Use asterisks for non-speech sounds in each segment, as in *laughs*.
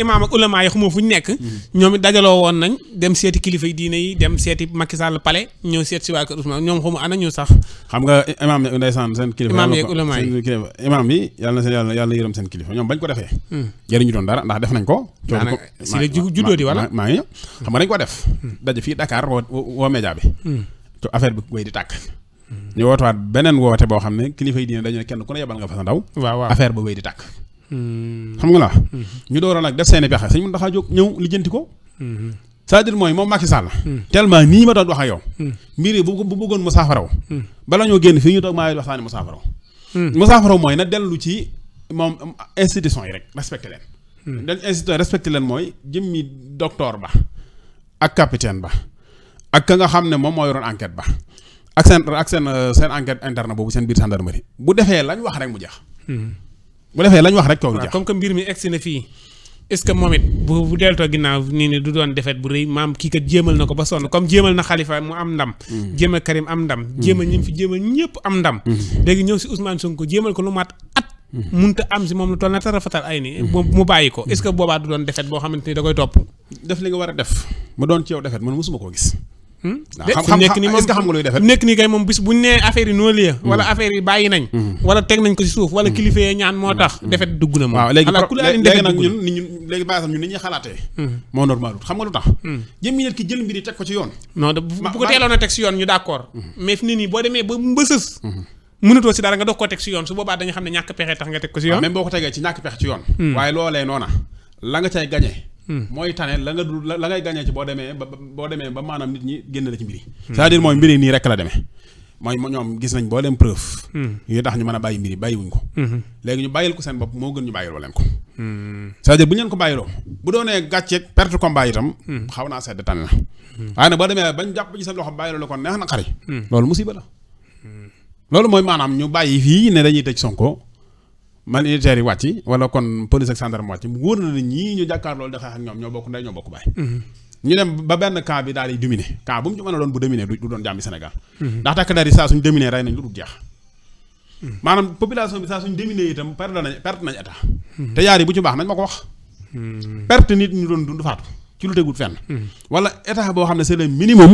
imaam ak ulama yi fu ñu nekk mhm. ñoom it dajaloo woon nañ dem seeti kilifa yi diine yi dem seeti Macky Sall palais ñëw seet si waa kër Ousmane ñoom xamu ana ñu sax xam nga imaam yi ndeysaan seen kilifa imaam yeeg ulama yi imaam yi yàlla seen yàlla yàlla yërëm seen kilifa ñoom bañ ko defee hmm. jëriñu doon dara ndax def nañ ko si la juddoo di wala maa ngi ñëw xam nga dañ ko def hmm. daje fii dakaar woo woo média bi hmm. to affaire bi wéy di tàkk ñu wootuwaat beneen woote boo xam ne kilifa yi diine dañu ne kenn ku ne yebal nga fa sa ndaw affaire ba wéy di Hmm. xam nga la hmm. ñu door a nag def seeni pexe sëñ mën daxaa jóg ñëw lijjanti ko hmm. cest dire mooy moom Macky Sall tellement nii ma doon wax ak yow mbir ko bu bëggoon mu saafaraw bala ñoo génn fii ñu toog maa waxtaani mu saafaraw mu saafaraw mooy na dellu ci moom institution yi rek respecté leen dañ institution respecté leen mooy jëmmi docteur ba ak capitaine ba ak ka nga xam ne moom moo yoroon enquête ba ak seen ak seen euh, seen enquête interne boobu seen biir gendarmerie bu defee lañ wax rek mu jeex bu defee lañ wax rek kaw comme que mbir mi egsi na fii est-ce que moom it bu bu deltoo ginnaaw nii ni du doon defet bu rëy maam kii kat jéemal na ko ba sonn comme jéemal na Khalifa mu am ndam mm. jéem a Karim am ndam jéemal ñi fi jéemal ñëpp am ndam mm. léegi ñëw si Ousmane Sonko jéemal ko lu mat at mun mm. munta am si moom lu toll na tarafatal ay ni mu bàyyi ko est-ce boobaa du doon defet boo xamante ni da koy topp def li nga war a def mu doon ci yow defet man koo gis Hmm? xam nekk ni moom xam nga luy defar nekk ni kay moom bis buñ nee affaire yi noo lie hmm. wala affaire yi bàyyi nañ hmm. wala teg nañ ko léegi nag ñun ni ñu xalaatee moo normal xam nga lu tax jëmmi nit ki jël mbir yi teg ko ci yoon non bu ko teeloon a teg si yoon ñu d'accord mais fi nit ñi boo demee ba mbësës mënatoo si dara nga dox ko teg si yoon su boobaa dañu xam ne ñàkk pexe tax nga teg ko si yoon même boo ko tegee ci ñàkk pexe ci yoon waaye loolee noona la nga cay gañe mooy tane la nga dul la ngay gàñee ci boo demee ba boo demee ba maanaam nit ñi génn la ci mbir yi cest à mooy mbir nii rekk la demee mooy ñoom gis nañ boo leen preuve hmm. yu tax ñu mën a bàyyi mbir yi wuñ ko hmm. léegi ñu bàyyil ko seen bopp moo gën ñu bàyyiloo leen ko hmm. c'est-à-dire bu ñu ko bàyyiloo bu doonee gàcceeg perte combat tam xaw naa sedd tane la waaye nag boo demee bañ jàpp ci seen loxo bàyyiloo la ko neex na xari loolu musiba la loolu mooy maanaam ñu bàyyi fii ne dañuy tëj sonko man unitaires yi wàcc wala kon police ak gendarme wàcc wóor na ne ñii ñu jàkkaar loolu da xeex ñoom ñoo bokk ndey ñoo bokk baay mhm. ñu dem ba benn cas bi daal di dominer cas bu mu ci a doon bu dominer du doon jàmmi Sénégal mhm. ndax takk der yi saa suñ dominer rey nañ lu dul jeex mhm. maanaam population bi saa suñ dominer itam perte nañ perte nañ état te yaar yi bu ci baax nañ ma ko wax perte nit ñu doon dund faatu ci lu tegul fenn wala état boo xam ne c'est le minimum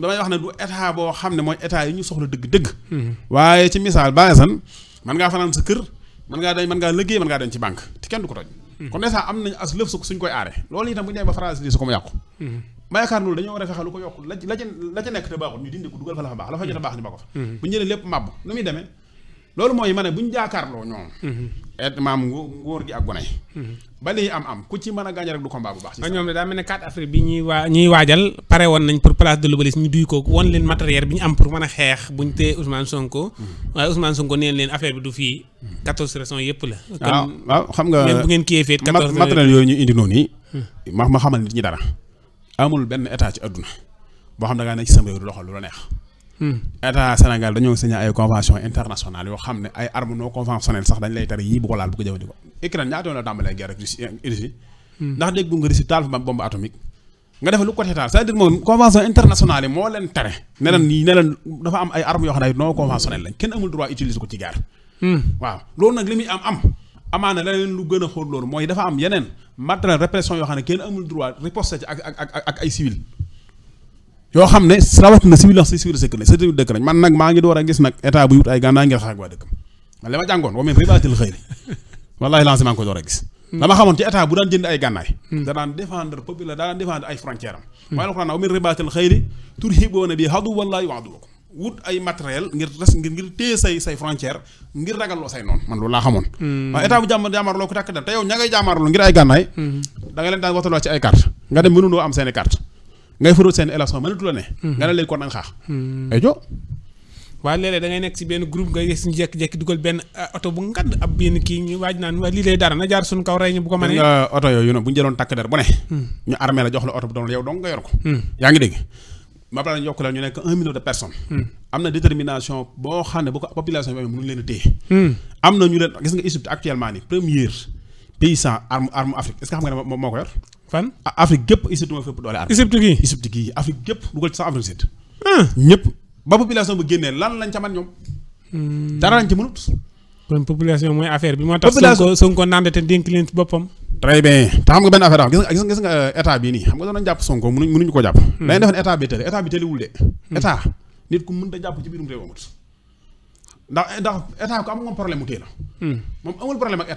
damay wax ne du état boo xam ne mooy yi ñu soxla dëgg-dëgg waaye ci misaal bàyyi san man ngaa fanaan sa kër man ngaa dañ man ngaa liggéey man ngaa dañ ci banque te kenn du ko toj hmm. kon dèjà am nañ as lëf su suñ koy aare loolu itam bu ñu demee ba France li su ko mu yàqu hmm. ma yaakaar loolu dañoo war a fexe lu ko yokk la la ca la ca nekk te baaxul ñu dindi ko dugal fa la fa baax la fa jot a baax ñu ba ko fa hmm. bu ñu jëlee lépp màbb nu muy demee loolu mooy ma bu ñu jaakaarloo ñoom et maam nguur gi ak gone mhm. ba lii am am ku ci mën a gaañ rek du combat bu baax. si ñoom daa mel ne 4 avril bi ñuy waa ñuy waajal pare woon nañ pour place de l'Obélisque ñu duy ko won leen matériel bi ñu am pour mën a xeex buñ tee Ousmane Sonko. Mhm. waaye Ousmane Sonko neen leen affaire bi du fii 14 raisons yëpp la. Ah, waaw xam nga bu ngeen kiiyee feet 14 matériel yooyu ñu indi noonu hmm. ma ma xamal nit ñi dara. amul benn état ci àdduna boo xam ne ngaa nekk ci sam réew du loxo lu la neex. Mm. état Sénégal dañoo signé ay convention internationale yoo xam ne ay armes non conventionnelles sax dañ lay tere yii bu ko laal bu ko jëfandikoo. Ukraine ñaata yoon la tàmbalee guerre ak Russie eh, mm. lu côté taal c'est-à-dire moom am ay armes yoo xam ne non conventionnelles lañ ko ci guerre. Mm. waaw loolu nag li muy am am. amaana leneen lu gën a xóot loolu mooy dafa am yeneen matériel répression yoo xam ne kenn amul droit riposter ci ak ak ak ak ay civil yoo xam ne rawat na civil si civil sëkk nañ sa dëkk nañ man nag maa ngi door a gis nag état bu wut ay gànnaay ngir xaag waa dëkkam man li ma jàngoon wa min ribatil xëyri wallahi lancé maa ngi ko a gis ay gànnaay hmm. da daan daan défendre ay hmm. wa min ribatil xëyri turhibuuna bi hadu wallahi wa aduwakum wut ay matériel ngir res ngir ngir téye say say frontière ngir ragalloo say noonu man loolu laa xamoon hmm. waaye état nga ci ay carte nga dem mënunoo am seen i ngay faral seen élection mënatu la ne. Hmm. nga ne leen kon nag xaar. Hmm. ay waaye léeg-léeg nekk si benn groupe nga gis ñu jékki-jékki dugal benn ah, oto bu ngand ab benn kii ñu waaj naan waa lii lay dara na jaar suñ kaw rey ñu bu ko mënee. nga oto yooyu noonu bu ñu jëloon takk der bu ne. Hmm. ñu armé la jox la oto bu doon yow donc nga yor ko. yaa ngi dégg. ma la ñu yokk la ñu nekk un million de personnes. am na détermination boo xam ne bu ko population bi amee mënuñ leen a na ñu leen gis nga Égypte ni première paysan arme arme Afrique est fan Afrique gépp Égypte moo fépp doole armée. Égypte gii Égypte Afrique gépp dugal ci sax Afrique sud. ñëpp ba population bu génnee lan lañ ca man ñoom. Hmm. dara lañ ci mënut. kon population mooy affaire bi moo tax. population Sonko naan te dénk leen ci boppam. très bien te xam nga benn affaire am gis nga gis nga euh, état bii nii xam nga doon nañ jàpp Sonko mënuñ mënuñu ko jàpp. Hmm. dañuy defoon état bi tële état bi tëliwul de. Hmm. état nit ku mënta jàpp ci biirum réew amut. ndax ndax état ku am moom amul bi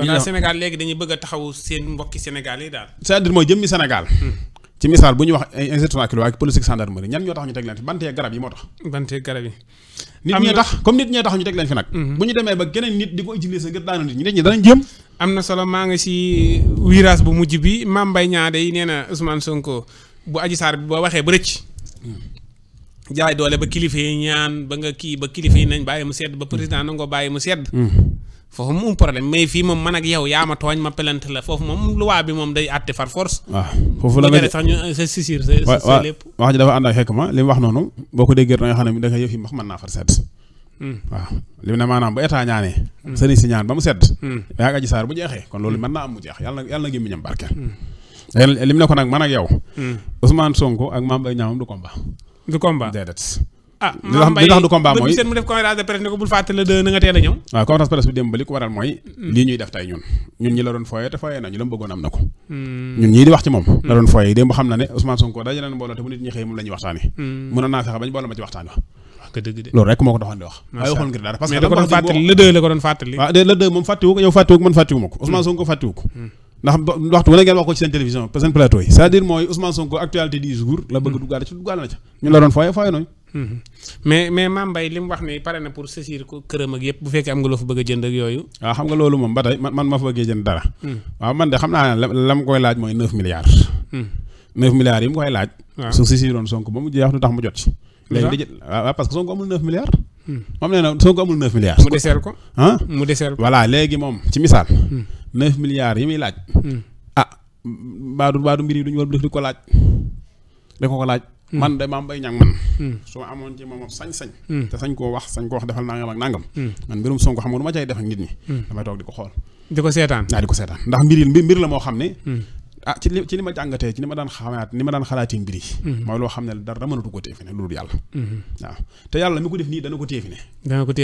kon daal Sénégal léegi dañuy bëgg a taxaw seen mbokki Sénégal yi daal. c'est-à-dire mooy jëmmi Sénégal. Hmm. ci misaal bu ñuy wax ay incertitude ak politique gendarmerie ñan ñoo tax ñu teg leen fi bantee garab yi moo tax. bantee garab yi. nit ñee tax comme nit ñee tax ñu teg leen fi nag. Hmm. bu ñu demee ba geneen nit di ko utiliser ngir daanu nit ñi nit ñi danañ jéem. am na solo maa ngi si virage bu mujj bi Mame Mbaye Niang day nee na Ousmane Sonko bu Adji Sarr bi boo waxee ba rëcc. Hmm. jaay doole ba kilifa yi ñaan ba nga kii ba kilifa yi nañ bàyyi mu sedd ba président nangoo bàyyi mu sedd. foofu moom problème mais fii moom man ak yow yaa ma tooñ ma pelante la foofu moom loi bi moom day àtte far force. waaw ah, foofu la nga sax ñu euh, wax ji dafa boo ko déggee da nga xam da nga yëf yi wax mën naa far sedd. Hmm. waaw li mu ne maanaam hmm. si ñaan ba mu sedd. Hmm. yaa ngi aji saar bu jeexee kon loolu mën naa am mu jeex yàlla na yàlla na gémmiñam barkeel. li ne ko nag man ak yow. Ousmane Sonko ak Mame Mbaye Niang du combat. du combat déedéet. ah li tax du combat mooy mu def conférence de presse la de a ñëw mm. la doon la ko doon fooyee démb la ñuy la ko moom fàttiwu ko yow fàttiwu ko man fàttiwu ma ko mm. Ousmane Sonko ko mm. ndax waxtu wala ngeen wax ko ci seen télévision seen plateau yi cest à mooy Ousmane Sonko actualité du jour la bëgg duggaale ci duggaale na ca ñun la doon fooyee fooyee nañu Mhm. mais mais Mame Mbaye li mu wax ni pare na pour saisir ko këram ak yëpp bu fekkee am nga loo fa bëgg a jënd ak yooyu. waaw ah, xam nga loolu moom ba tey man man ma fa bëggee jënd dara. Mhm. waaw man de xam naa ne la ma koy laaj mooy 9 milliards. 9 mhm. milliards yi mu koy laaj. waaw su saisiroon Sonko ba mu jeex du tax mu jot ci. léegi daje waaw parce que Sonko amul 9 mu deseel ko ah léegi moom ci misaal. 9 milliards yi muy laaj. ah baadu baadu mbir yi du ñu war di ko laaj. da ko ko laaj. Hmm. man de maam bay ñang man hmm. su ma amoon ci moom sañ-sañ hmm. te sañ koo wax sañ koo wax defal nangam ak nangam man mbirum Sonko xam nga du ma cay def ak nit xam ne ah ci li ci li ma jàngatee ci ni ni ma daan xalaati mbir yi mooy loo xam ne dara ko téefine loolu yàlla waaw te yàlla mi ko def nii dana da koy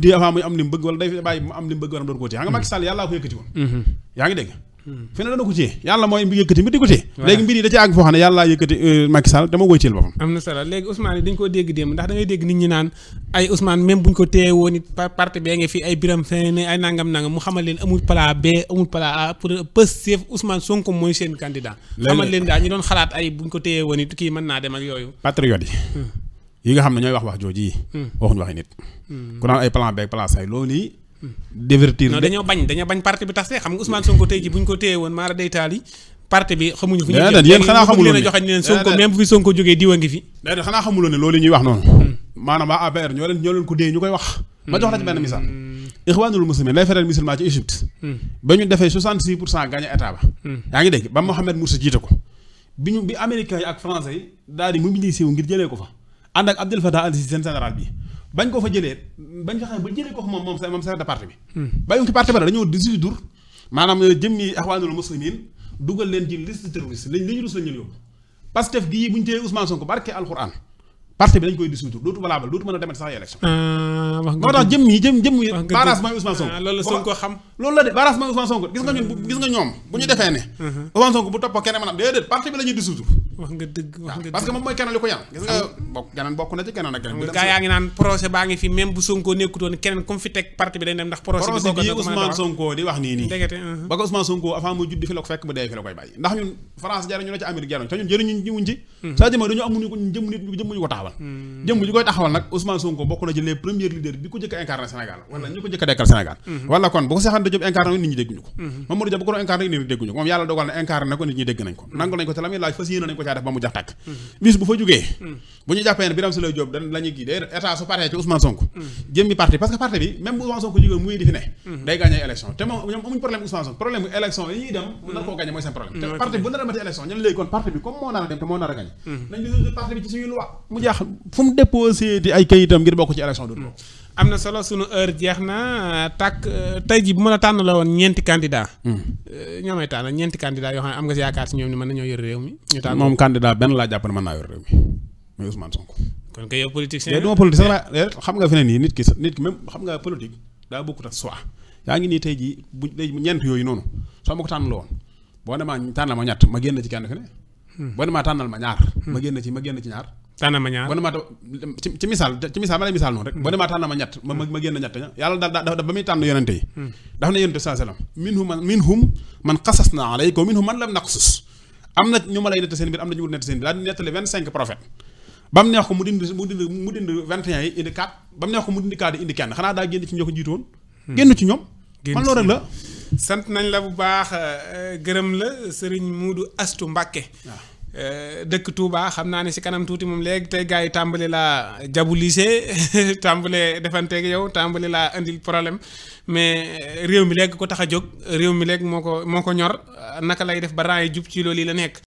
téye avant am li bëgg wala day bàyyi mu am li bëgg wala doon ko téye xam nga Macky Sall yàllaa ko yëkkati woon yaa ngi dégg fi ne dana ko yàlla mooy yëkkati mbir di ko téye léegi mbir yi euh, dañ koo dégg démb ndax da dégg nit ñi naan ay Ousmane même buñ ko téye woon it parti bee ngi fi ay biram feneen ne ay A mooy seen candidat xamal leen daal ñu doon xalaat ay buñ ko téye woon it kii mën naa dem yooyu patriote yi hmm. yi nga xam ne ñooy wax wax jooji yi hmm. waxuñu waxi nit hmm. ku naan ay plan B plan C loolu divertir non dañoo bañ dañoo bañ parti bi tas de xam nga Ousmane Sonko tey ji bu ñu ko téye woon maara day taal yi parti bi xamuñu fu ñu yéen xanaa xamuloo ne joxañ leen Sonko même ngi fi déedéet xanaa ne loolu ñuy wax noonu hmm. maanaam waa ma ci benn hmm. hmm. ba ñu defee 66 pour cent gagné état ba yaa ngi dégg ba Mohamed Morsi jiite ko bi ñu bi américains yi ak français yi daal di mobiliser wu ngir jëlee ko fa ànd ak Abdel Fattah al seen général bi bañ ko fa jëlee bañ fa xam ba jëlee ko fa moom moom moom chef de parti bi. Hmm. bàyyiwuñ ci parti ba dañoo dix-huit jours maanaam jëmmi axwaanul muslimin dugal leen ci liste terroriste lañ lañ rus la ñu yóbbu Pastef gii bu ñu téye Ousmane Sonko barke alxuraan parti bi dañ koy dissoudre dootu valable dootu mën a demat sax ay élection ah, moo tax jëm yi jëm yi barrage mooy Ousmane Sonko ah, loolu la Sonko xam loolu la de barrage mooy Ousmane Sonko wax nga dëgg wax nga dëgg parce ko yàlla uh-huh. hmm. hmm. hmm. dekkal Sénégal wala kon bu ko Cheikh Anta Diop incarné ko nit ñi dégg nañ ko nangul nañ ko te la muy laaj fas yéene nañ ko caa def ba mu jax tàkk bis bu fa jógee hmm. bu ñu jàppee ne Birame Souleye Diop dan la gii day état su paree ci Ousmane Sonko hmm. jëmmi parti parce que parti bi même bu Ousmane Sonko hmm. problème Ousmane Sonko problème dem mu nar koo gagné mooy seen problème te parti bu nar a mati élection ñu ne léegi kon parti bi comme moo nar a dem te moo nar a gagné nañ di parti bi ci suñu loi mu jeex fu mu déposé di ay kayitam ngir bokk ci élection dootu am na solo sunu heure jeex na tàkk tey ji bu ma a tànn woon ñeenti candidat hmm. eh, ñoo may ñeenti candidat yoo xam ne am nga si yaakaar si ñoom ni mën nañoo yor réew mi. ñu tànn moom candidat benn laa jàpp ne mën naa yor réew mi muy Ousmane Sonko. kon kay yow politicien la eh, nga fi nii nit ki nit ki xam nga politique daa bokkut ak yaa ngi nii tey jii bu ñeent yooyu noonu soo ma ko tànn la woon boo demaa tànnal ma ñett ma génn ci kenn ku ne. Hmm. boo demaa tànnal ma ñaar. ma génn ci ma génn ci ñaar tànnama ñaar ba hmm. saa sallam minhum man minhum man xasas na alayka minhum man lam naqsus am na ñu ma lay nett na ñu wut nett seen biir daal di ba mu neex ko mu dindi mu dindi mu dindi vingt et yi indi quatre ba mu neex ko mu dindi quatre yi indi kenn xanaa daa génn ci ñoo jiitoon hmm. génn ci ñoom man loolu rek la sant nañ la bu baax gërëm la sëriñ Muudu Astu Mbàkke Eh, dëkk Touba xam naa ne si kanam tuuti moom léegi tey gars yi tàmbali laa jabu lycée *laughs* tàmbale defanteeg yow tàmbali laa indil problème mais eh, réew mi léegi ko tax a jóg réew mi léegi moo ko moo ko ñor naka lay def ba rang yi jub ci loolu yi la nekk.